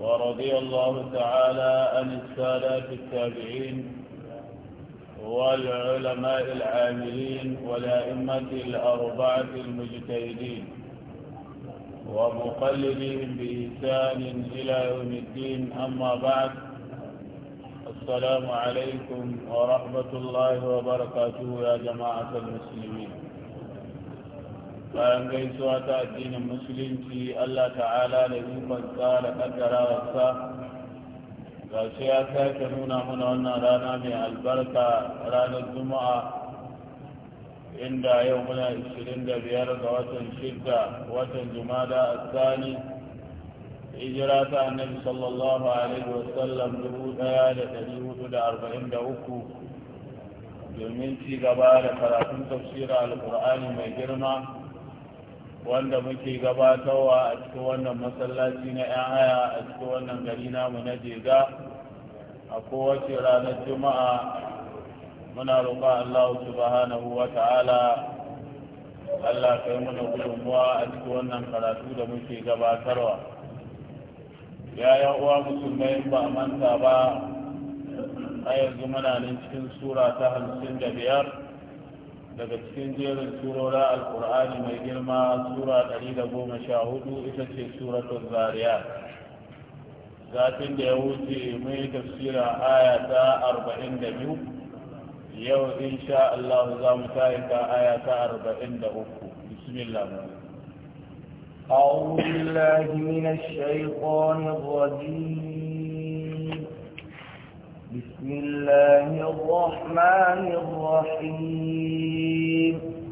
ورضي الله تعالى عن السادات التابعين والعلماء العاملين والأئمة الأربعة المجتهدين ومقلدهم بإحسان إلى يوم الدين أما بعد السلام عليكم ورحمة الله وبركاته يا جماعة المسلمين bayan gaisuwa ta addinin musulunci Allah ta'ala da ikonsa da kaddarawarsa ga shi ya sake nuna mana wannan rana mai albarka ranar juma'a inda yau muna 25 ga watan shidda watan jumada a tsani hijira ta annabi sallallahu alaihi wasallam 1443 domin ci gaba da karatun tafsirar alkur'ani mai girma wanda muke gabatarwa a cikin wannan masallaci na 'yan haya a cikin wannan gari namu na jega a kowace ranar juma'a muna roƙon Allah subhanahu wa ta'ala Allah ka yi mana gudunmuwa a cikin wannan karatu da muke gabatarwa ya uwa musulmai ba a manta ba a yanzu muna nan cikin sura ta hamsin da biyar daga cikin jerin surora alkur'ani mai girma sura 114 ita ce suratun zariya Zafin da ya wuce mai tafsira aya ta 42 yau insha Allah za mu tayi ka aya ta 43 bismillah أعوذ بالله من الشيطان الرجيم بسم الله الرحمن الرحيم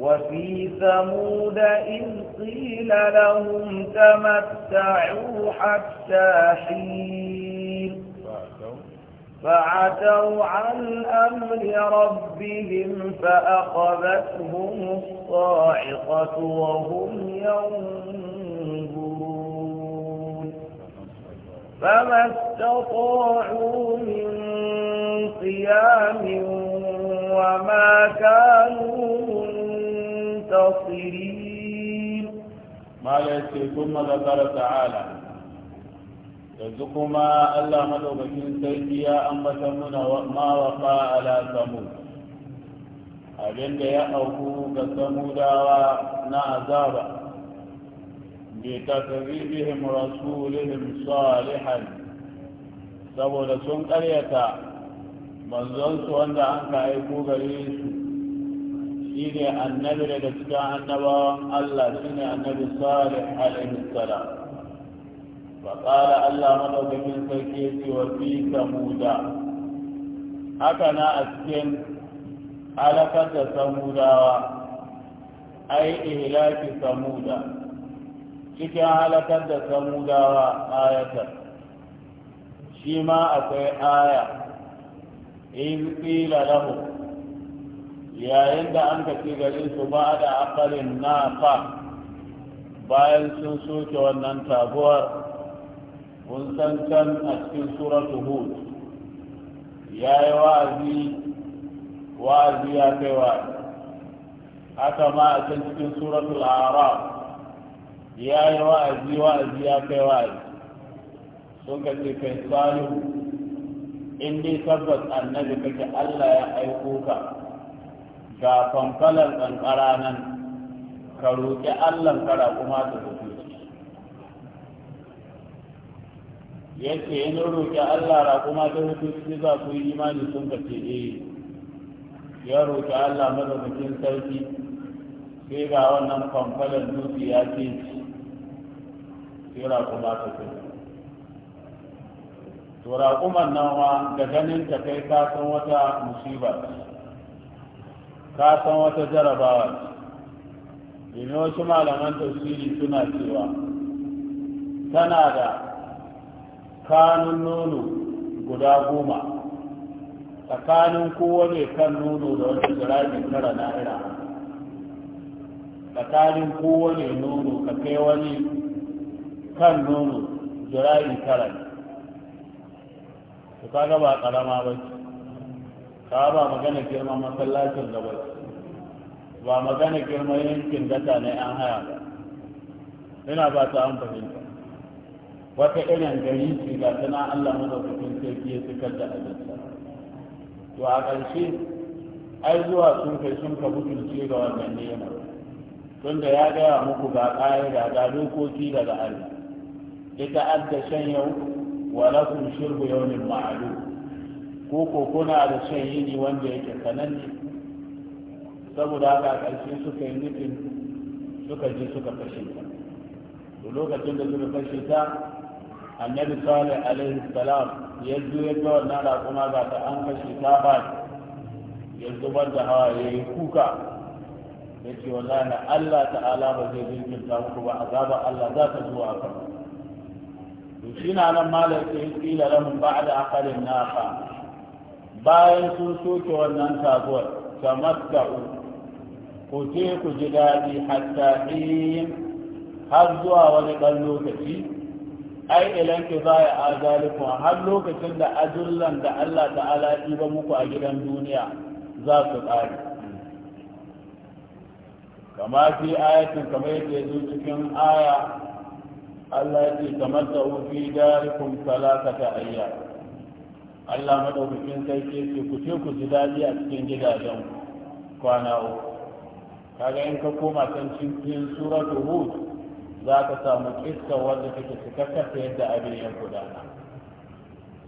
وفي ثمود إذ قيل لهم تمتعوا حتى حين فعتوا عن أمر ربهم فأخذتهم الصاعقة وهم ينظرون فما استطاعوا من قيام وما كانوا منتصرين ما ليس ثم ذكر تعالى yanzu kuma Allah madaukakin sarki ya ambata muna ma ala samu. abinda ya auku ga samudawa na azaba بتكذيبهم رسولهم صالحا saboda sun karyata manzonsu wanda an ka aiko gare su shi ne annabi daga cikin annabawan Allah shi ne annabi salih alaihi salam fa Allah madaukakin sarki yace wa fi samuda haka na a cikin halakar da samudawa ai ihlaki samuda cikin halakar da samudawa ayatar shi ma akwai aya in ƙila lahu yayin da an tafi gari su ba da akalin nafa bayan sun soke wannan taguwar kun san can a cikin suratu hud ya yi wa'azi wa'azi ya kai wa haka ma a can cikin suratul araf ya yi wa'azi wa'azi ya kai wa'azi sun ka ce kai salu in dai tabbas annabi kake Allah ya aiko ka ga fankalar kankara nan ka roƙi Allah kara kuma ta tafi yake in roƙi Allah ra kuma ta tafi shi za ku yi imani sun ka ce eh ya roƙi Allah madaukakin sarki sai ga wannan fankalar dutse ya ce sai kuma ta kai to raƙuman nan ma da ganin ta kai ka san wata musiba ka san wata jarabawa domin wasu malaman tafsiri suna cewa tana da kanun nono guda goma tsakanin kowane kan nono da wata jiragin tara na'ira tsakanin kowane nono ka kai wani kan nono jira'i tara ne to kaga ba karama ba ce ka ba magana girman masallacin da ba ba magana girman yankin gata ne an haya ba ina ba ta an fahimta wata irin gari ce ga tana Allah madaukakin sai ya cikar da abinsa to a ƙarshe ai zuwa sun kai sun ka mutunce ga wannan nema tunda ya gaya muku ga ƙa'ida ga dokoki daga Allah ita shan yau wa lakum shirbu yawmin ma'lum ko ko kuna da shan yini wanda yake sananne saboda haka karshe suka yi nufin suka je suka fashe ta to lokacin da suka kashe ta annabi sale alaihi salam ya zo ya ga wannan raƙuma ga ta an fashe ta ba ya zubar da hawa ya yi kuka ya ce wallahi Allah ta'ala ba zai jinkirta muku ba azaba Allah za ta zuwa a kanku shi na nan malar sai kila lamun ba da akalin naka bayan sun soke wannan sabuwar kamar da ku je ku ji daɗi hatta ɗin har zuwa wani ɗan lokaci ai ilan ki za a azalikun har lokacin da ajullan da Allah ta'ala ba muku a gidan duniya za su ƙare kama fi ayatin kamar yadda ya zo cikin aya Allah ya ce kamar da fi darikum ta ayya Allah madaukakin sai ce ku ce ku ji daɗi a cikin gidajen kwana uku kaga in ka koma kan cikin suratu hud za ka samu iska wanda take cikakkata yadda abin ya gudana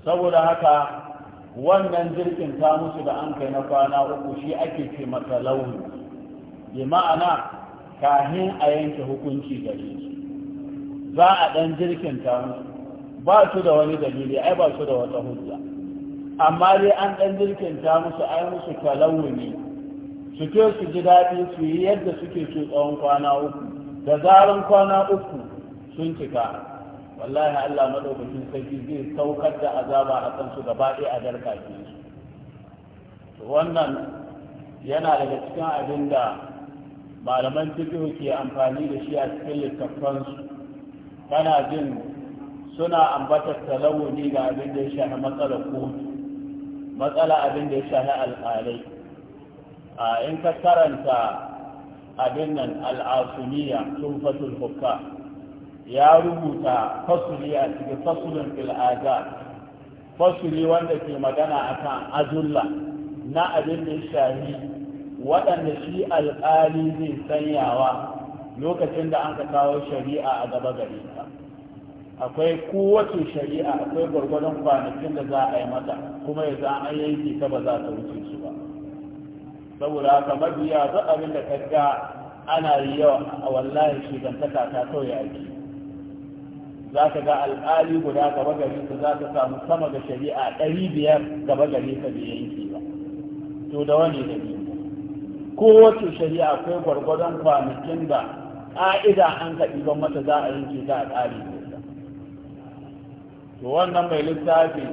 saboda haka wannan jirgin ta musu da an kai na kwana uku shi ake ce masa launi bi ma'ana kahin a yanke hukunci gare shi za a ɗan jirkinta musu ba su da wani dalili ai ba su da wata hujja amma dai an ɗan jirkinta musu ai musu talawuni su ke su ji daɗi su yi yadda suke su tsawon kwana uku da zaran kwana uku sun cika wallahi Allah madaukakin sarki zai saukar da azaba a kansu gaba ɗaya a darkake su wannan yana daga cikin abin da malaman fiqh ke amfani da shi a cikin littafansu kana jin suna ambatar talawuni ga abin da ya shahi matsala kotu matsala abin da ya shahi alƙalai a in ka karanta abin nan al'asumiya tuhfatul hukka ya rubuta fasuli a cikin fasulin fil'aza fasuli wanda ke magana akan azulla na abin da shahi waɗanda shi alƙali zai sanyawa lokacin da an ka kawo shari'a a gaba gare ka akwai kowace shari'a akwai gwargwadon kwanakin da za a yi mata kuma ya za a yanki ta ba za ta wuce su ba saboda haka mabiya za a da ka ana yi yawa a wallahi shigantaka ta sauya ake za ka ga al'ali guda gaba gari ka za ka samu sama da shari'a ɗari biyar gaba gari ka da yanki ba to da wani dalili kowace shari'a akwai gwargwadon kwanakin da ƙa'ida an ka ɗiban mata za a yi ta a ƙari to wannan mai littafi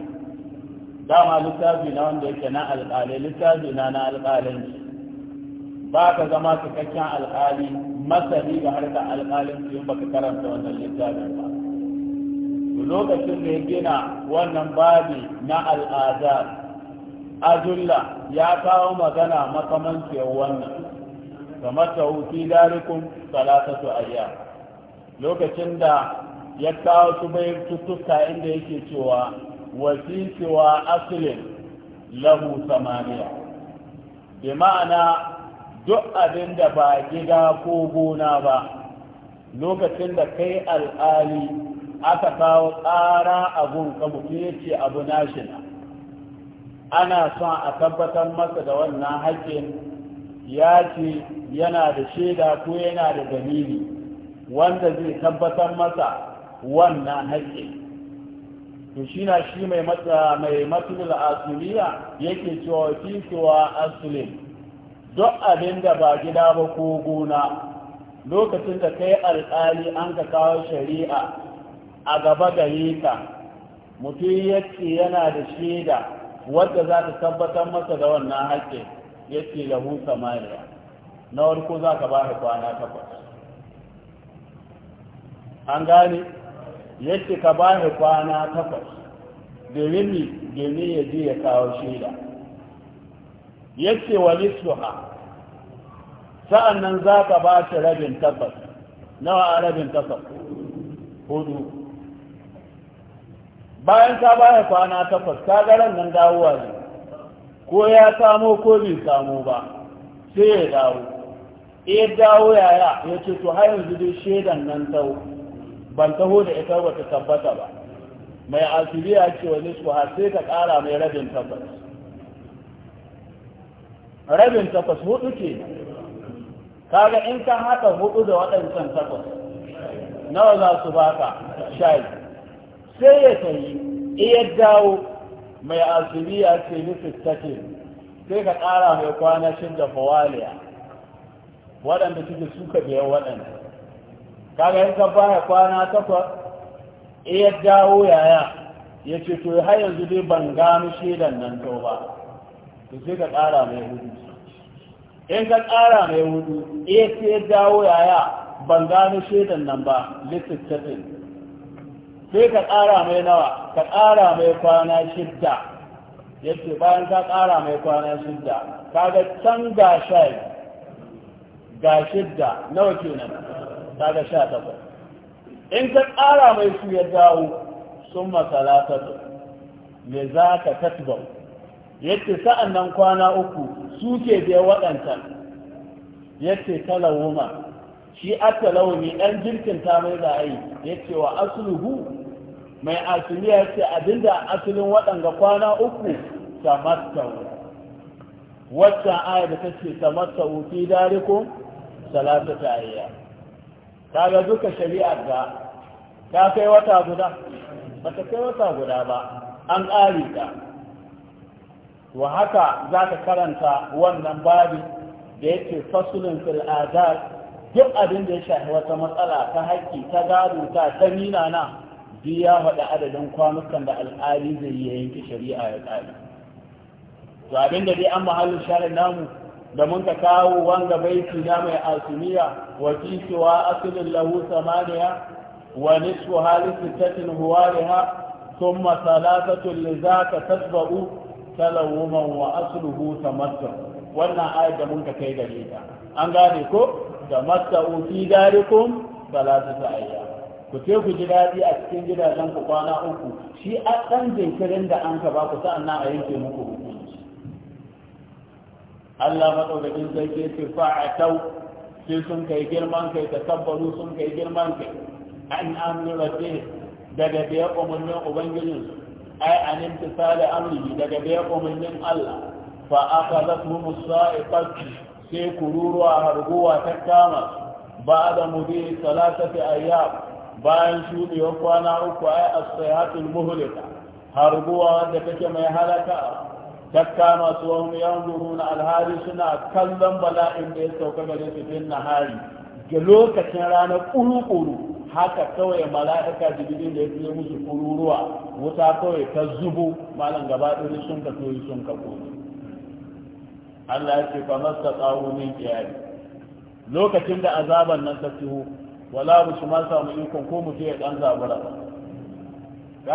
dama littafi na wanda yake na alƙali, littafi na na alƙalinci ba ka zama cikakken alƙali masani ga harkar alƙalinci in baka karanta wannan littafi ba lokacin da ya gina wannan babi na al'adar ajulla ya kawo magana makamancin wannan Kamar ta wuti darikun salata su ariya lokacin da ya kawo su bai tuttuka inda yake cewa wasisuwa wa asilin lahu samaniya bi ma'ana duk abin da ba gida ko gona ba lokacin da kai al'ali aka kawo tsara abun mutu ya ce abu nashina ana son a tabbatar masa da wannan haƙƙin ya ce yana da shaida ko yana da dalili wanda zai tabbatar masa wannan haƙƙi to shi na shi mai mai matsalar asuliya yake cewa fi cewa asulin duk abin da ba gida ba ko gona lokacin da kai alƙali an ka kawo shari'a a gaba gare ka mutum yake yana da shaida wadda za ta tabbatar masa da wannan haƙƙin yake lahu samariya na warko za ka ba da kwana takwas an gane yadda ka ba da kwana takwas domin ni domin ya je ya kawo shaida yadda wani suha sa'an nan za ka ba shi rabin tabbas nawa a rabin takwas hudu bayan ka ba da kwana takwas ka garan nan dawowa ne ko ya samo ko bai samo ba sai ya dawo ya dawo yaya ya ce to har yanzu dai shaidan nan taho ban taho da ita ba ta tabbata ba mai ya ce wani su har sai ka kara mai rabin tabbas rabin tabbas hudu ke kaga in ka haka hudu da waɗancan tabbas nawa za su baka shayi sai ya yi. iya dawo mai asibi ya ce nufin take sai ka kara mai kwana shidda fawaliya waɗanda suke suka biya waɗanda kaga yanka baya kwana takwas iya dawo yaya ya ce to har yanzu dai ban gano shaidan nan to ba to sai ka ƙara mai hudu in ka ƙara mai hudu iya ya dawo yaya ban gano shaidan nan ba littattafin sai ka ƙara mai nawa ka ƙara mai kwana shidda ce bayan ka ƙara mai kwana shidda kaga can ga sha ga shidda nawa kenan kaga sha takwas in ka ƙara mai su ya dawo sun masalatatu me za ka tatbau yace sa'an nan kwana uku suke Ya waɗancan yace talawuma shi atalawumi ɗan jirkin ta mai da ai yace wa asluhu mai asuli ce abinda asulin waɗanga kwana uku samasta waccan aya da ta ce samasta fi darikum salatu ta ayya kaga duka shari'a da ta kai wata guda ba ta kai wata guda ba an ƙari ta wa haka za ka karanta wannan babi da yake fasulun fil'adar duk abin da ya shafi wata matsala ta haƙƙi ta gado ta ta nina na biya faɗa adadin kwanukan da al'ari zai yi yanke shari'a ya ƙari to abin da dai an mahallin share namu da mun ka kawo wanga baiti na mai alsuniya wa wa asilin lahu samaniya wa nisfu halisu tatin huwariha thumma salasatu li zaka tasba'u talawuma wa asluhu tamatta wannan ayat da mun ka kai da ta an gane ko da matta'u fi darikum salasu ayya ku ce ku ji dadi a cikin gidajen ku kwana uku shi a dan jinkirin da an ka ba ku sa'an a yanke muku Allah madaukakin sarki ce fa'atau sai sun kai girman kai tabbaru sun kai girman kai an amni rabbi daga biya umarnin ubangijin ai an imtisali amri daga biya umarnin Allah fa akhadathum as-sa'iqat sai kururuwa harguwa ta kama ba da mu mudi salatati ayyam bayan shudewar kwana uku ai as-sayhatul muhlika harguwa da take mai halaka wani yawon wahum na alhari suna kallon bala'in da ya sauka gare su fin nahari ga lokacin ranar ƙuru-ƙuru haka kawai mala'ika jirgin da ya fiye musu ƙururuwa wuta kawai ta zubo malam gaba ɗaya sun ka toyi sun ka koyi Allah ya ce kamar ta tsawo min kiyari lokacin da azaban nan ta fiho, wala mu shi ma samu ikon ko mu ya ɗan zabura ba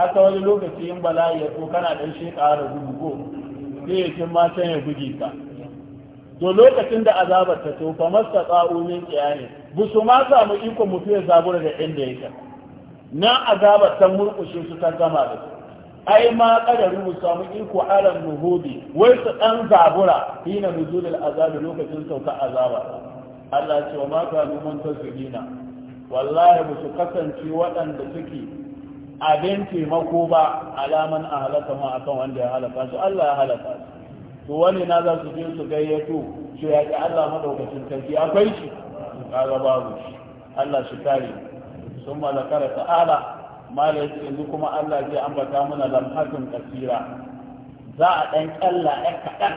ka ta wani lokaci yin bala'i ya so kana ɗan shi ƙara zubu ko sai ya ce matan ya buge ka to lokacin da azabar ta to fa masta qa'umin qiyani bu su ma samu iko mutu ya zabura da inda yake na azabar ta murkushe su ta gama da su ai ma kadarin mu samu iko alal nuhudi wai su dan zabura hina nuzulul azabi lokacin sauka azaba Allah ce wa ma kanu muntasirina wallahi ba su kasance waɗanda suke abin taimako ba alaman a halaka ma kan wanda ya halaka su Allah ya halaka su to wani na za su je su gayyato su yaƙi Allah maɗaukacin sarki akwai shi su kaga babu shi Allah shi kare sun malakara ta'ala mala ya yanzu kuma Allah zai ambata mana lamhatun kasira za a ɗan ƙalla ɗan kaɗan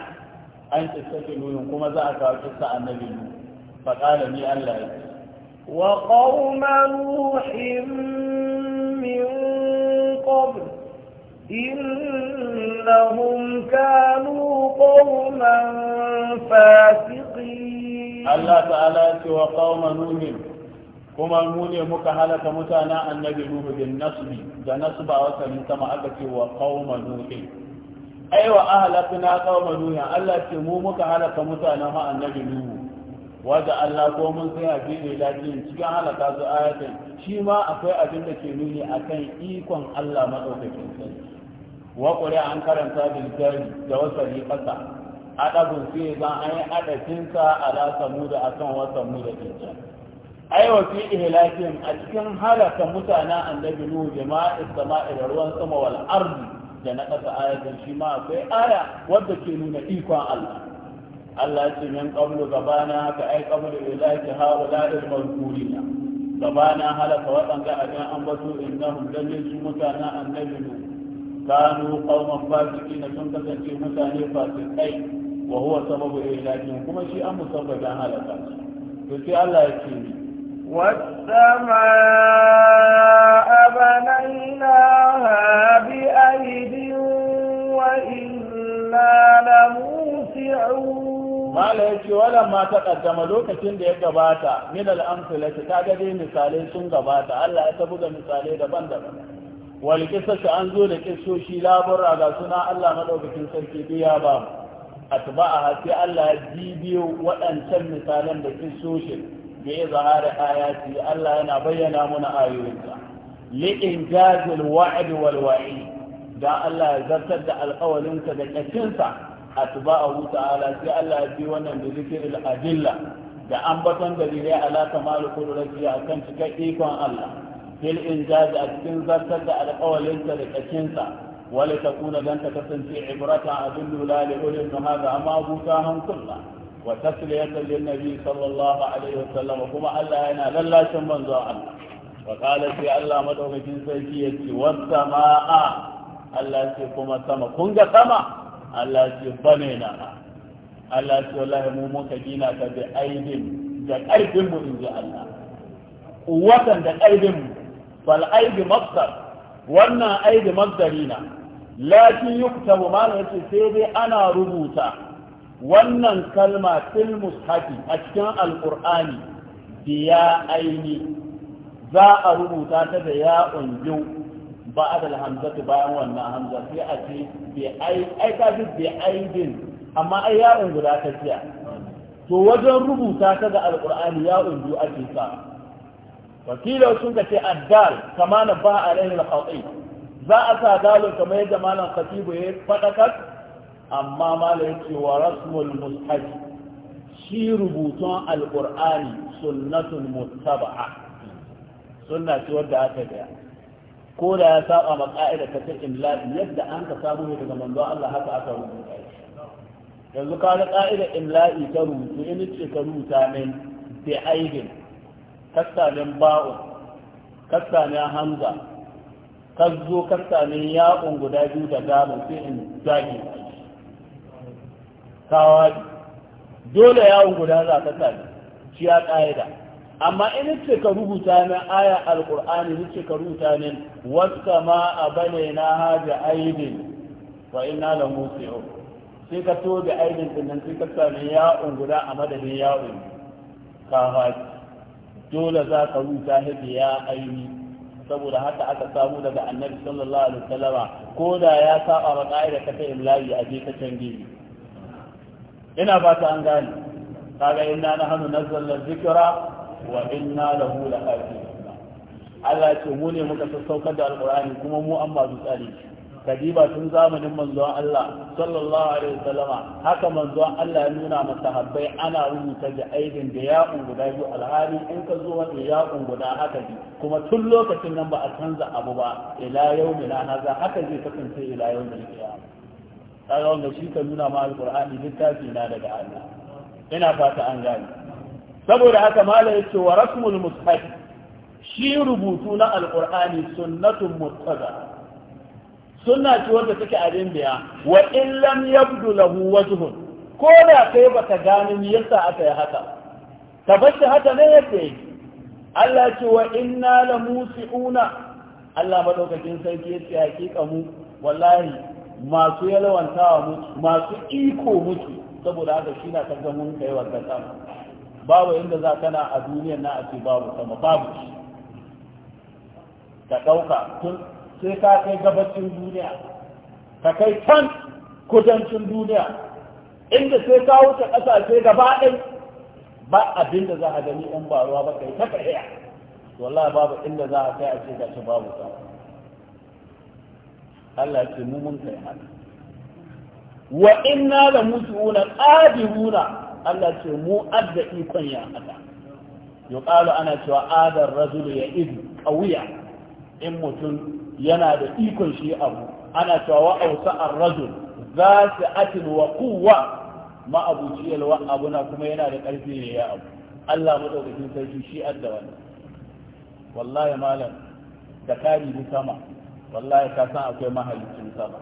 an tsakake nuyin kuma za a kawo kisa annabi nu faƙala ni Allah ya ce wa qauma nuhin min قبل إنهم كانوا قوما فاسقين الله تعالى سوى وقوم نوح كما نوح مكهلة متانا النبي نوح بالنصب ذا نصب وكان كما أبكي وقوم نوح أيوة أهلكنا قوم نوح الله تمو مكهلة متانا النبي نوح Wadda Allah ko mun sai a fiye da cikin halaka su ayatin shi ma akwai abin da ke nuni akan ikon Allah madaukakin sai wa kore an karanta bilgari da wasari ƙasa adabin sai zan an yi sa a samu da akan wasamu da ai wa fi ihlakin a cikin halaka mutanen annabi nu jama'is sama'i da ruwan sama wal ardi da na ƙasa ayatin shi ma akwai aya wadda ke nuna ikon Allah Allah ya ce min qablu gabana ka ai qablu ilahi haula al mazkurina gabana halaka wadanga abin an bato innahum lalle su mutanen annabi nu kanu qauman fasiqina sun kasance mutane fasikai wa huwa sababu ilahihim kuma shi an musabbabin halaka to sai Allah ya ce ni والسماء بنيناها بأيد وإنا لموسعون mala ya ce wala ma ta kaddama lokacin da ya gabata min al'amfilati ta gade misalai sun gabata Allah ya ta buga misalai daban-daban wal kisasa an zo da kisoshi labura ga suna Allah madaukakin sarki biya ba atba'a sai Allah ya bibiyo waɗancan misalan da kisoshin da ya zahara ayati Allah yana bayyana mana ayoyinsa li'in jazil wa'd wal wa'i da Allah ya zartar da alƙawalinsa da kacinsa atba'ahu ta'ala sai Allah ya bi wannan da zikril adilla da ambaton dalilai ala kamal qudrati akan cika ikon Allah fil injaz a cikin zartar da alƙawalinsa da kacinsa wala takuna dan ta kasance ibrata abin lula li ulil hada amma abuta hankulla wa tasliyatan lin nabi sallallahu alaihi wasallam kuma Allah yana lallashin manzo Allah وقال في الله مدعوكين سيكي Allah والسماء kuma sama kun ga sama. Allah ce bane na Allah ce wallahi mu muka gina ka bi aidin da ƙarfin mu inji Allah kuwatan da ƙarfin mu fal aidi masdar wannan aidi na. lakin yukta yuktabu ma yace sai dai ana rubuta wannan kalma fil mushafi a cikin alqur'ani ya aini za a rubuta ta da ya unju ba a adal hamzatu bayan wannan hamza sai a ce bi ai ai ka ji bi aidin amma ai ya ya'un guda ta tsaya to wajen rubuta ta ga alqur'ani ya'un biyu ake sa wakilan sun ka ce addal kama na ba alaihi al-khati za a sa dalil kamar yadda malam khatibu ya fadakar amma malam ce wa rasmul mushaf shi rubutun alqur'ani sunnatun muttaba'a sunna ce wadda aka gaya. ko da ya saba ma ka'ida ta ta imla'i yadda an ka samu ne daga manzo Allah haka aka rubuta yanzu ka ga ka'ida imla'i ta rubutu in ce ka rubuta min bi aidin kasta min ba'u kasta min hamza kazzo kasta min ya guda biyu da gamun sai in zage kawa dole ya guda za ka sami shi ya ƙa'ida amma in ce ka rubuta min aya alqur'ani in ce ka rubuta min wasu ma na hada aidin fa inna la musiu sai ka to da aidin din nan sai ka sami ya'un guda a madadin ya'un ka haji dole za ka rubuta hadi ya aini saboda haka aka samu daga annabi sallallahu alaihi wasallama ko da ya saba ba ka'ida ka ta imla'i a je ka canje ina ba ta an gane kaga inna nahnu nazzalna dhikra wa inna lahu lahafizuna Allah ce mu ne muka sassaukar da alqur'ani kuma mu an masu tsari kadiba tun zamanin manzon Allah sallallahu alaihi wasallama haka manzon Allah ya nuna masa habbai ana rubuta da aidin da ya guda biyu alhali in ka zo wani ya guda haka ji kuma tun lokacin nan ba a canza abu ba ila yau mila haza haka zai kasance ila yau mila kiyama kaga wanda shi ka nuna ma alqur'ani littafi na daga Allah ina fata an gani saboda haka malam ce wa rasmul mushaf shi rubutu na alqur'ani sunnatun muttaza sunna ce wanda take abin biya wa in lam yabdu lahu wajhun ko da kai baka gane me yasa aka yi haka tabbashi haka ne yake Allah ce wa inna la musiuna Allah madaukakin sarki yace hakika mu wallahi masu yalwantawa mu masu iko mutu saboda haka shi na kaga mun kai wa babu inda za kana a duniyan na a ce babu sama babu shi ka ɗauka tun sai ka kai gabacin duniya ka kai can kudancin duniya inda sai ka wuce ƙasashe gaba ɗai ba abin da za a gani in ba ruwa ba kai ta kaɗaya wallahi babu inda za a kai a ce gashi babu sama Allah ce mu mun kai haka wa inna da la musuna qadiruna Allah ce mu adda ikon ya haka yuqalu ana cewa adar rajulu ya idu qawiya in mutum yana da ikon shi abu ana cewa wa ausa ar-rajul zasi'atin wa quwwa ma abuci yalwa abu kuma yana da karfi ne ya abu Allah madaukakin sarki shi adda wani. wallahi malam da kari bi sama wallahi ka san akwai mahalicin sama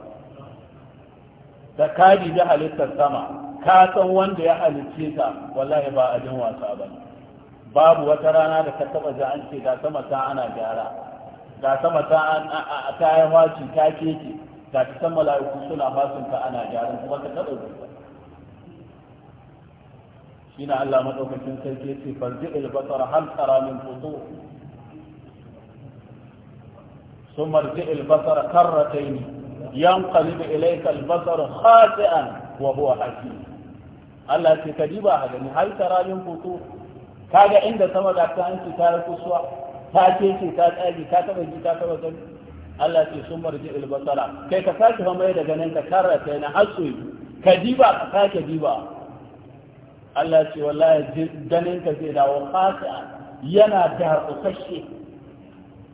da kari bi halittar sama ka san wanda ya halicce ka wallahi ba jin wasa ba babu wata rana da ka taba ji an ce ga sama ta ana gyara ga sama ta an a kayan waci ta keke ga ta san mala'iku suna fasin ka ana gyara kuma ka taba ji shine Allah madaukakin sarki yace farji al-basar hal tara min futur ثم ارجع البصر كرتين ينقلب إليك البصر wa وهو حكيم Allah ce ka diba a gani har tara min foto kaga inda sama da ta hanci ta rasu suwa ta kece ta tsagi ta taba ji ta taba gani Allah ce sun marji albasara kai ka sake fa mai da ganin ka karrata na har so ka diba ka sake ba. Allah ce wallahi ganin ka zai dawo khasa yana da harkusashe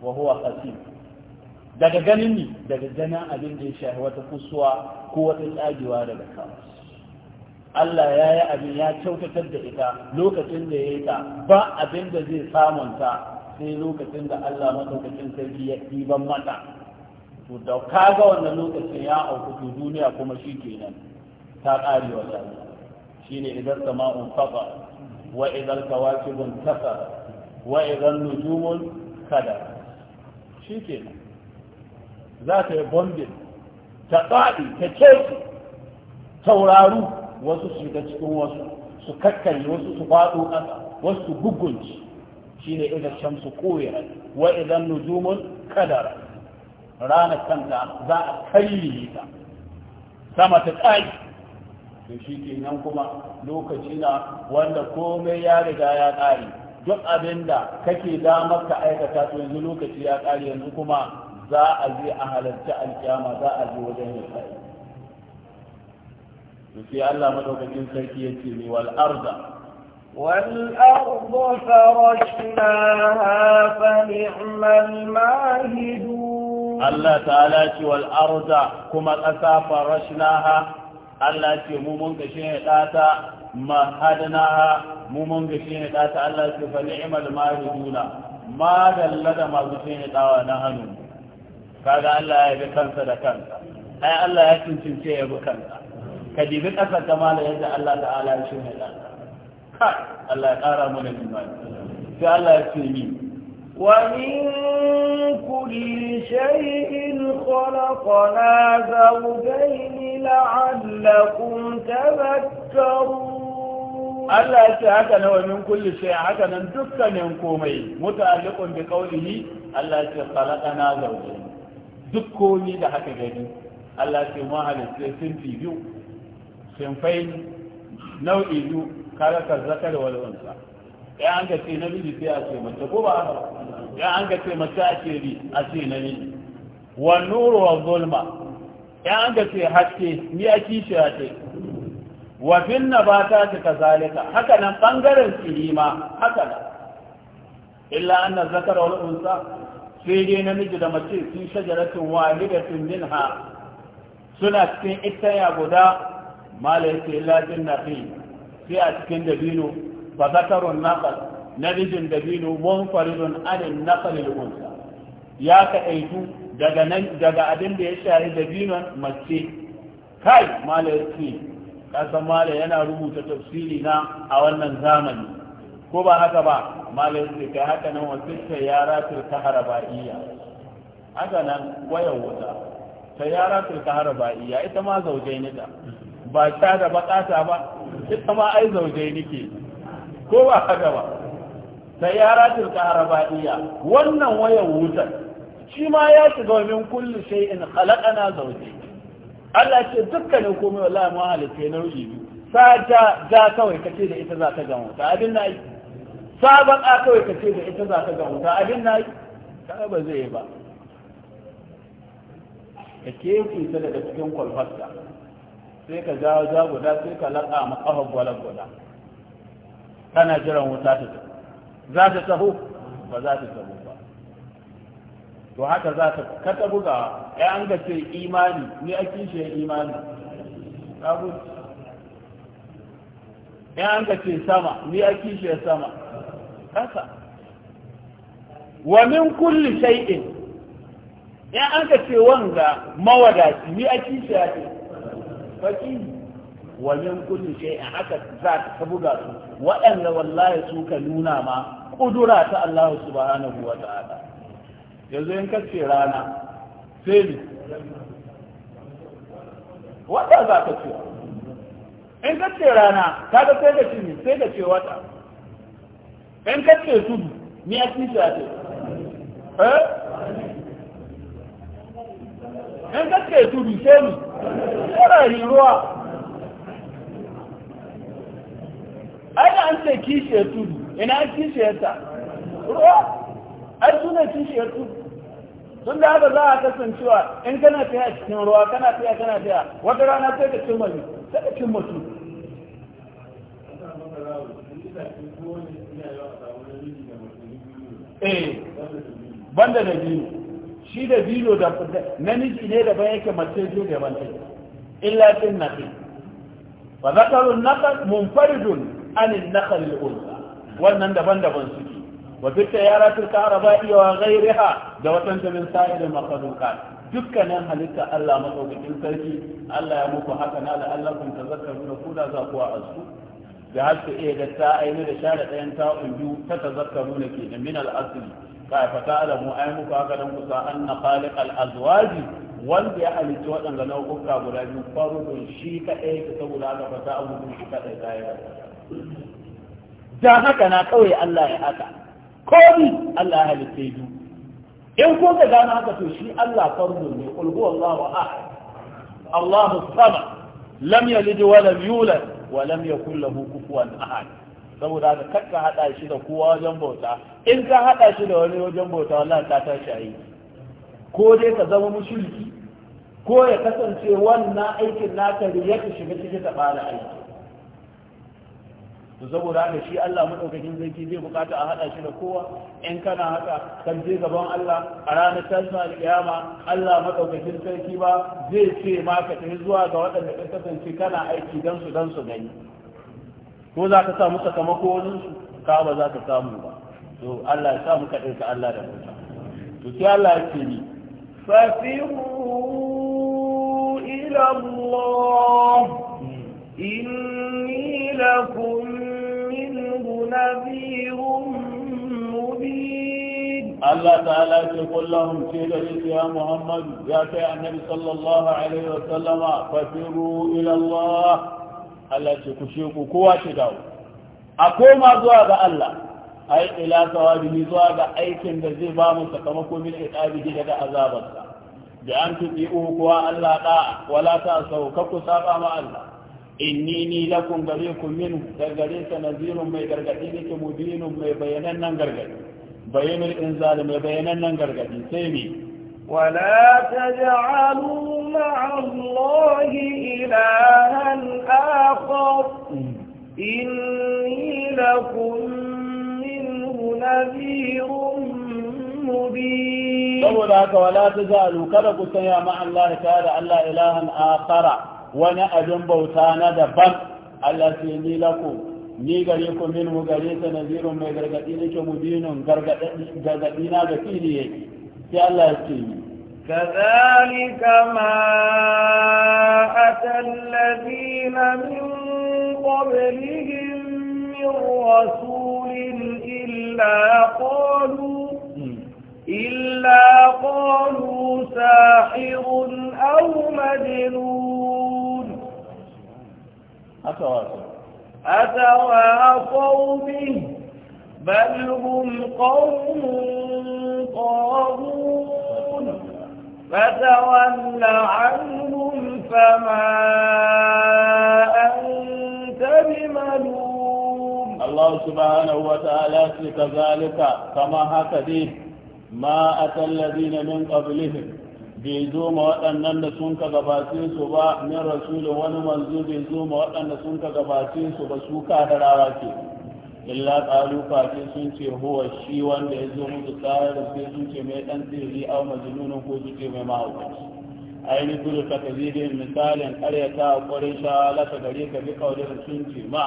wa huwa qasim daga ganin ni daga ganin abin da ya shafi wata kusuwa ko wata tsagewa daga kawai Allah ya yi abin ya kyautatar da ita lokacin da ya yi ta ba abin da zai samunta sai lokacin da Allah maɗaukacin sarki ya ɗiban mata to da ka wannan lokacin ya auku to duniya kuma shi kenan ta ƙare wa shine idan sama'un faqa wa idan kawakibun kasar wa idan nujumun kada shi kenan za ta yi bombin ta ƙaɗi ta keke tauraru wasu su shiga cikin wasu su kakkarye wasu su faɗo ƙasa wasu su shi ne idan shamsu kuwirat wa idan nujumun kadara Rana kanta za a karye ta sama ta tsari Da shi kenan kuma lokaci na wanda komai ya riga ya tsari duk abin da kake damar ka aikata to yanzu lokaci ya tsari yanzu kuma za a je a halarci alkiyama za a je wajen hisabi sai Allah madaukakin sarki yace ni wal arda wal arda farashnaha fa ni'mal Allah ta'ala ce wal kuma ƙasa farashnaha Allah ce mu mun ga shi ta mahadnaha mu mun ga shi ta Allah ce fa ni'mal mahiduna ma dalla da masu shi dawa na hannu Allah ya bi kansa da Allah ya cincince ya bi ka dibi ƙasa ta mala yadda Allah ta'ala ya shine da Allah ya ƙara mana imani sai Allah ya ce ni wa min kulli shay'in khalaqna zawjayn la'allakum tadhakkarun Allah ya ce haka na wa min kulli shay haka nan dukkanin komai muta'alliqun bi qawlihi Allah ya ce khalaqna da haka gari. Allah ya ce sun fi biyu shimfai nau'i biyu kaga kazzakar wal unsa ya an ga ce namiji sai a ce mace ko ba haka ya an ga ce mace a ce bi a ce namiji wa nuru wa zulma ya an ga ce haske ni a kishi a ce wa bin nabata ta kazalika haka nan bangaren kirima haka nan illa anna zakar wal unsa sai dai na miji da mace sun shajaratin min ha suna cikin ita ya guda malai sai illa na nafi sai a cikin dabino fa zakarun naqal rijin dabino faridun anin naqal al-unsa ya kaɗaitu daga nan daga abin da ya shari dabinon mace kai mala sai kasan mala yana rubuta tafsiri na a wannan zamani ko ba haka ba malai sai kai haka nan wasu yara tilkaharabaiya haka nan wayar wuta ta yara tilkaharabaiya ita ma zaujai nita ba ta da bakata ba ita ma ai zaujai nike ko ba haka ba sayyaratul kahrabaiya wannan wayan wutar shi ma ya shiga min kulli shay'in khalaqana zawjay Allah ce dukkanin komai wallahi mu halice na ruji biyu ta ga kawai kace da ita za ta ga wuta abin nayi ka kawai kace da ita za ta ga wuta abin nayi ka ba zai ba kake ku ita daga cikin kwalfasta sai ka jawo jaguda sai ka laƙa ma gwalar guda. kana jiran wuta ta za ta taho ba za ta taho ba to haka za ta kata bugawa ya an ga ce imani ni a kishiyar imani ya an ga ce sama ni a kishiyar sama kasa wa min kulli shay'in ya an ga ce wanga mawadaci ni a kishiyar faki wa min ce a haka za sabu buga su waɗanda wallahi su ka nuna ma kudura ta Allah subhanahu ta haɗa yanzu yin kace rana sai ni wata za ka ce in kace rana ta ga sai da cini sai da ce wata in kace tudu ni a cikin ce eh in kace tudu sai ni yana riruwa ana an ce kishi ya tudu ina an kishi ya ta ruwa an suna kishi ya tudu sun da haka za a kasancewa in kana fiya cikin ruwa kana fiya kana fiya. wata rana sai ka cin mai sai ka cin mutu eh banda da biyu shi da bino da namiji ne da daban yake mace ce daban take illa tin naqi wa zakarun naqal munfaridun an an-naqal al-unsa wannan daban-daban suke wa fi tayaratul karabaiya wa ghayriha da watan min sa'il makhluqat dukkanin halitta Allah maɗaukakin sarki Allah ya muku haka na da Allah kun tazakkaru da kuda za kuwa a da har su iya da ta aini da share ɗayan ta'un biyu ta tazakkaru na ke da min al'asiri fata'alamu ai muku haka don kusa anna khaliq al-azwaji wanda ya halitta waɗanda nau'uka guda biyu farudun shi kaɗai ta saboda haka fata a mutum shi kaɗai ta yi Da haka na kawai Allah ya haka ko ni Allah ya halitta biyu in ko ka gano haka to shi Allah farudun ne qul huwallahu ahad Allahu sama lam yalid wa lam yulad wa lam yakul lahu kufuwan ahad saboda haka kar ka haɗa shi da kowa wajen bauta in ka haɗa shi da wani wajen bauta wallahi ta tashi ayi ko dai ka zama mushriki ko ya kasance wannan aikin naka riya ka shiga cikin ta bada aiki to saboda haka shi Allah madaukakin sarki zai bukata a haɗa shi da kowa in kana haka kan je gaban Allah a ranar tashin alƙiyama Allah madaukakin sarki ba zai ce maka. ka zuwa ga waɗanda ka kasance kana aiki dan su dan su gani ko za ka samu sakamako wajen su ka ba za ka samu ba to Allah ya samu muka ɗauka Allah da bauta to sai Allah ya ce ni fafiru ila Allah inni lakum minhu ya ce تعالى يقول da كيف يا محمد ya كي النبي صلى الله عليه وسلم ففروا إلى الله Allah ce ku sheku kowa ce dawo a koma zuwa ga Allah ai ila sawabi zuwa ga aikin da zai ba mu sakamako min iqabi daga azabarsa da an tuɗi uku kuwa Allah ɗa wala ta sau ku saba ma Allah inni ni lakum gare ku min gargare ka nazirun mai gargadi nake mubinun mai bayanan nan gargadi bayanan inzali mai bayanan nan gargadi sai ni ولا تجعلوا مع الله إلها آخر إني لكم منه نذير مبين saboda haka wala ta zalu kada ku sanya ma Allah ta da Allah ilahan akhara wani abin bauta na daban Allah sai ni lakum ni gare ku min mu gare ta nazirun mai gargadi nake mubinun gargadi na da fili yake ya ce كذلك ما أتى الذين من قبلهم من رسول إلا قالوا إلا قالوا ساحر أو مجنون أتواصوا قوم به بل هم قوم طاغون فتول عنهم فما أنت بملوم الله سبحانه وتعالى كذلك كما هكذا ما أتى الذين من قبلهم bai zo ma waɗannan da sun ka gabace su ba min rasulun wani manzo bai zo waɗanda sun ka gabace su ba su rawa ce. illa ƙalu fashe sun ce huwa shi wanda ya zo musu da sai sun ce mai ɗan tsiri a majinunan ko su ce mai mahaukaci aini gudu ta ka zide misalin ƙarya ta a ƙwarin shawa laka gare ka bi ƙaure da sun ce ma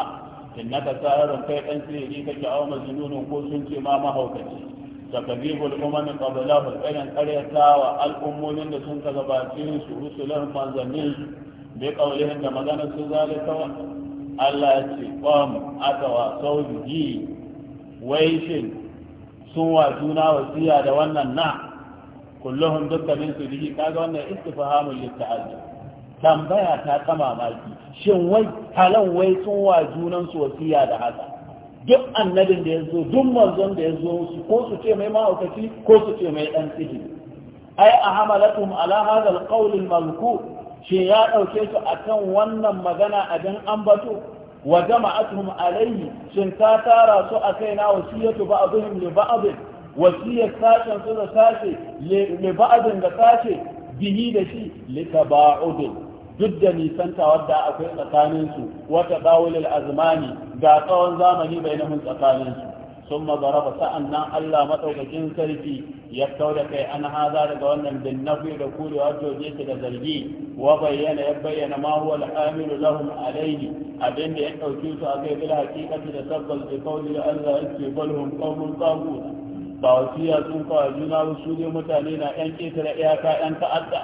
in naka tsararin kai ɗan tsiri ka ki a majinunan ko sun ce ma mahaukaci ta ka zide al'umma min ƙabala ɓulɓalin ƙarya ta wa al'ummomin da sun ka gabatin su rusulun manzanin bi ƙaure da maganar su zalika Allah ya ce ƙwam aka wasau bihi wai shin sun wa juna wasiya da wannan na kulluhum dukkanin su bihi kaga wannan istifhamul litta'alli tambaya ta kama maki shin wai halan wai sun wa junan su wasiya da haka duk annabin da ya zo duk manzon da ya zo su ko su ce mai mahaukaci ko su ce mai dan sihiri ai a hamalatum ala hadha alqawl almazkur shi ya ɗauke su a kan wannan magana abin ambato wa jama'atuhum alaihi shin ta tara su a kaina wasiyatu ba'dihim li ba'd wasiyar sashen su da sashe li da sashe bihi da shi li taba'udin duk da nisanta wadda akwai tsakaninsu wata dawulil azmani ga tsawon zamani bainahum tsakaninsu ثم ضرب سألنا ألا متوكين سرفي يبتول كي أن هذا لقوانا بالنفي لكول وأجو جيت لزرجي وبيّن يبين ما هو الحامل لهم عليه أبين يحو جيس أكيد الحقيقة لتبضل بقول ألا يتبلهم قوم طاغوت باوسيا سنقا جنا وسوري متانين أنكي ترئيكا أنت أدى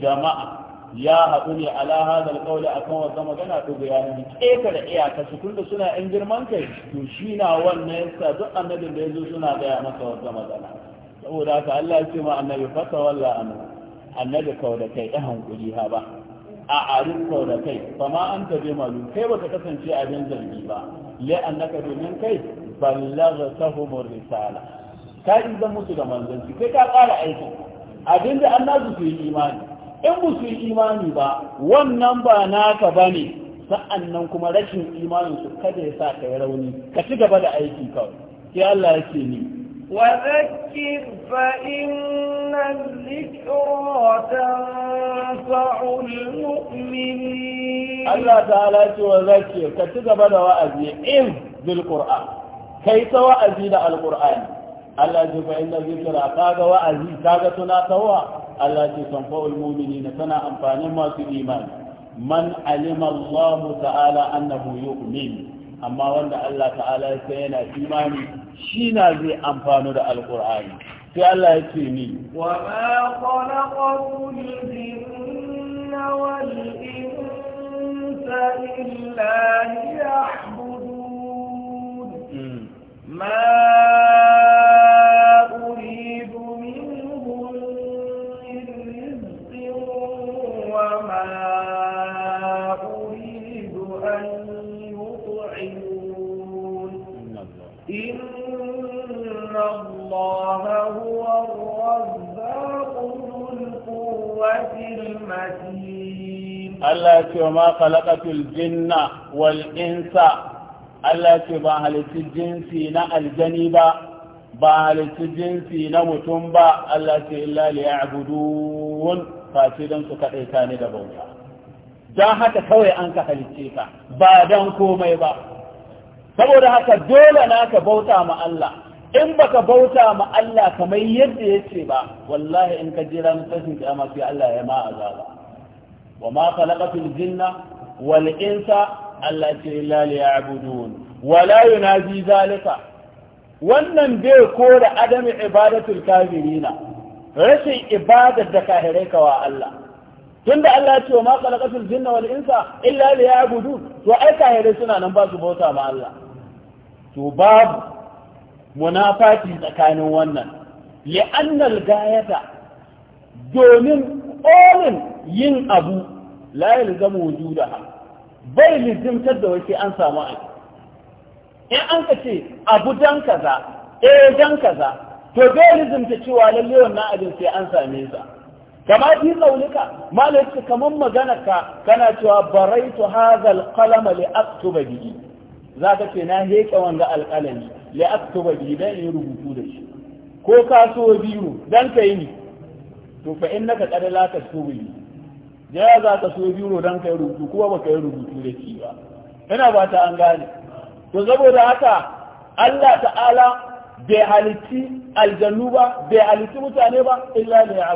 جماعة ya haɗu ne ala hadal a kan wannan magana to bayani keka da iyaka su kullu suna ƴan girman kai to shi na wannan yasa duk annabin da yazo suna gaya masa wannan magana saboda haka Allah ya ce ma annabi fata walla an annabi kawda kai ya hankuri ha ba a arin kawda kai fa ma an anta bi malu kai ta kasance abin zargi ba li annaka domin kai ballaghtahum risala ka izan musu da manzanci kai ka ƙara aiki abinda annabi su yi imani in ba su yi imani ba wannan ba naka ba ne sa'annan kuma rashin imanin su kada ya sa ka yi rauni ka ci gaba da aiki kawai sai Allah ya ce ni وذكر فإن الذكرى تنفع المؤمنين الله تعالى وذكر كتب بدا وأزي إذ بالقرآن كيف وأزي القرآن الله تعالى فإن الذكرى كاغا وأزي كاغا تناسوا Allah ce sanfa'ul mu'minina tana amfanin masu imani man alima Allah ta'ala annahu yu'min amma wanda Allah ta'ala ya yana imani shi na zai amfano da alkur'ani sai Allah ya ce ni wa ma khalaqatul jinna wal insa illa liya'budun mm. ma Allah الله ce ma khalaqatul jinna wal insa Allah ce ba halitta jinsi na aljani ba ba halitta jinsi na mutum ba Allah ce illa liya'budun face don su kaɗai ta ni da bauta don haka kawai an ka halicce ka ba don komai ba saboda haka dole na ka bauta ma Allah in ba ka bauta ma Allah kamar yadda ya ce ba wallahi in ka jira mutashin kiyama sai Allah ya ma azaba wa ma khalaqatul jinna wal insa Allah ce illa liya'budun wa la yunazi zalika wannan bai kora adam ibadatul kafirina rashin ibada da kahirai kawa Allah tunda Allah ya ce wa ma khalaqatul jinna wal insa illa liya'budun to ai kahirai suna nan ba su bauta ma Allah to babu munafati tsakanin wannan li'annal gayata domin olin yin abu la yalzamu wujudaha bai lizimtar da wace an samu abu in an ka ce abu dan kaza eh dan kaza to bai lizimta cewa lalle wannan abin sai an same sa kama fi tsaulika malaka magana ka kana cewa baraitu hazal alqalama li aktuba bihi zaka ce na heke wanga alqalami ya aktuba bi dan yi rubutu da shi ko ka so biyu dan yi ni to fa innaka qad la tasbu bi ya za ka so biyu dan yi rubutu kuma ba yi rubutu da shi ba ina ba ta an gane to saboda haka Allah ta'ala bai halitti aljannu ba bai halitti mutane ba illa ne ya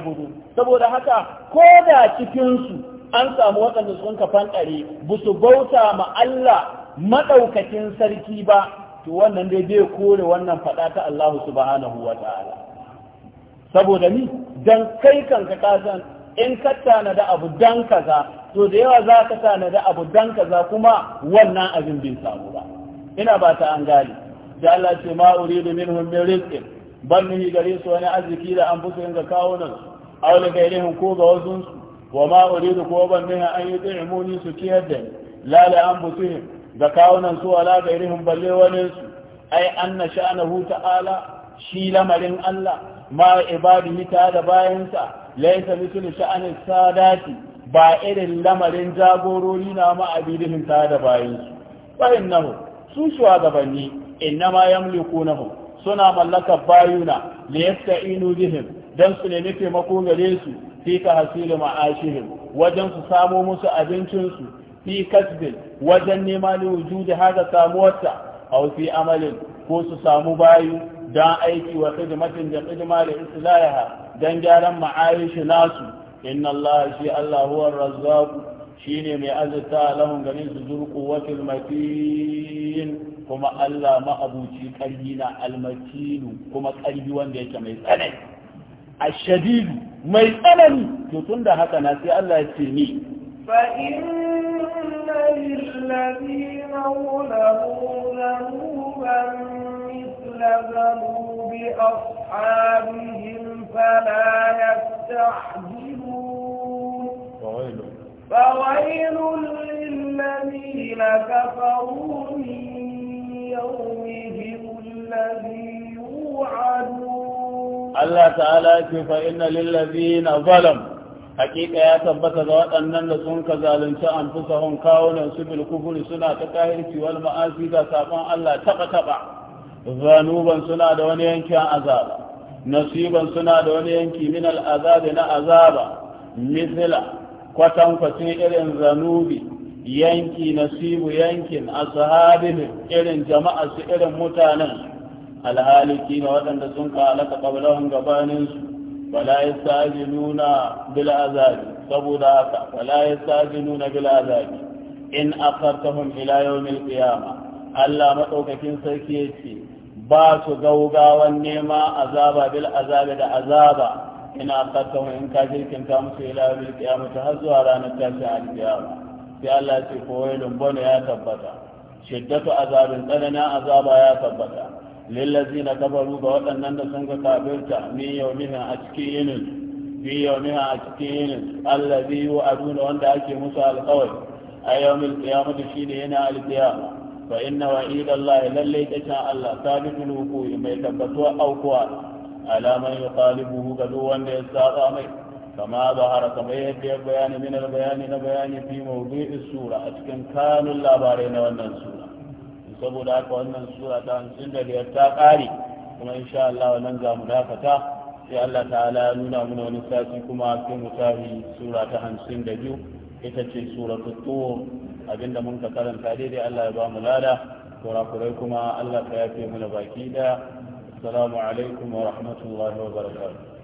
saboda haka ko da cikinsu an samu waɗanda sun ka fankare ba su bauta ma Allah maɗaukakin sarki ba to wannan dai bai kore wannan faɗa ta Allah subhanahu wa ta'ala saboda ni dan kai kanka ka san in ka da abu dan kaza to da yawa za ka da abu dan kaza kuma wannan abin bin samu ba ina ba ta an gane da Allah ce ma uridu minhum min rizqin ban ni gare su wani arziki da an fusu ga kawo nan aw da ko ga wasu wa ma uridu ko ban ni an yi tsimuni su ciyar da la la an fusuhin ga kawunan su ala gairihim balle wani su ai anna sha'anahu ta'ala shi lamarin Allah ma ibadihi ta da bayansa laisa mithlu sha'anin sadati ba irin lamarin jagorori na ma ta da bayansu fa innahu su shugabanni innama yamlikunahu suna mallaka bayuna inu bihim don su nemi taimako gare su fi hasilu ma'ashihim wajen su samo musu abincinsu su fi kasbin wajen nema li wujudi haka samuwarta aw fi amalin ko su samu bayu don aiki wa khidmatin da khidma li islaha dan gyaran ma'ayishi nasu inna Allah shi Allah huwa ar-razzaq shine mai azata lahum ganin su zurqu watil matin kuma Allah ma'abuci karbi al almatinu kuma karbi wanda yake mai tsanani ashadidu mai tsanani to tunda haka na sai Allah ya ce ni فإن للذين ظلموا ذنوبا مثل ذنوب أصحابهم فلا يستعجلون فويل للذين كفروا من يومهم الذي يوعدون الله تعالى فإن للذين ظلموا hakika ya tabbata ga waɗannan da sun ka zalunci an fi sahun kawunan su bil kufuri suna ta kahirci wal ma'asi ga sabon Allah taɓa taɓa. zanuban suna da wani yankin azaba nasiban suna da wani yanki min al azabi na azaba Misila, kwatan kwatin irin zanubi yanki nasibu yankin ashabihim irin jama'a su irin mutanen alhaliki waɗanda sun ka alaka qablahum gabaninsu. فلا يستعجلون بالعذاب saboda haka fala yastajinuna bil azabi in akhartahum ila yawm al qiyama Allah madaukakin sarki yace ba su gaugawan nema azaba bil azabi da azaba in akhartahum in kafirkin ta musu ila yawm al ta har zuwa ranar tashi al qiyama sai Allah ya tabbata azabin tsananin azaba ya tabbata lillazi na kabaru ga waɗannan da sun ga kafirta min yaumiha a cikin yinin fi yaumiha a cikin yinin allazi wanda ake musu alƙawari a yawmil qiyamati shine yana alqiyama fa inna wa'idallahi lalle kace Allah sabiqul wuqu'i mai tabbatuwa aukuwa alaman yuqalibuhu ga duk wanda ya saba mai kama zahara kamar yadda ya bayani min bayani na bayani fi mawdu'i sura a cikin kanun labarai na wannan sura saboda haka wannan sura ta hamsin da biyar ta ƙare kuma insha Allah nan za mu dakata sai Allah ta'ala ya nuna mana wani sati kuma sai mu tafi sura ta hamsin da biyu ita ce sura abinda mun ka karanta daidai Allah ya ba mu lada kurakurai kuma Allah ka yafe mu baki ɗaya, assalamu alaikum wa rahmatullahi wa barakatuh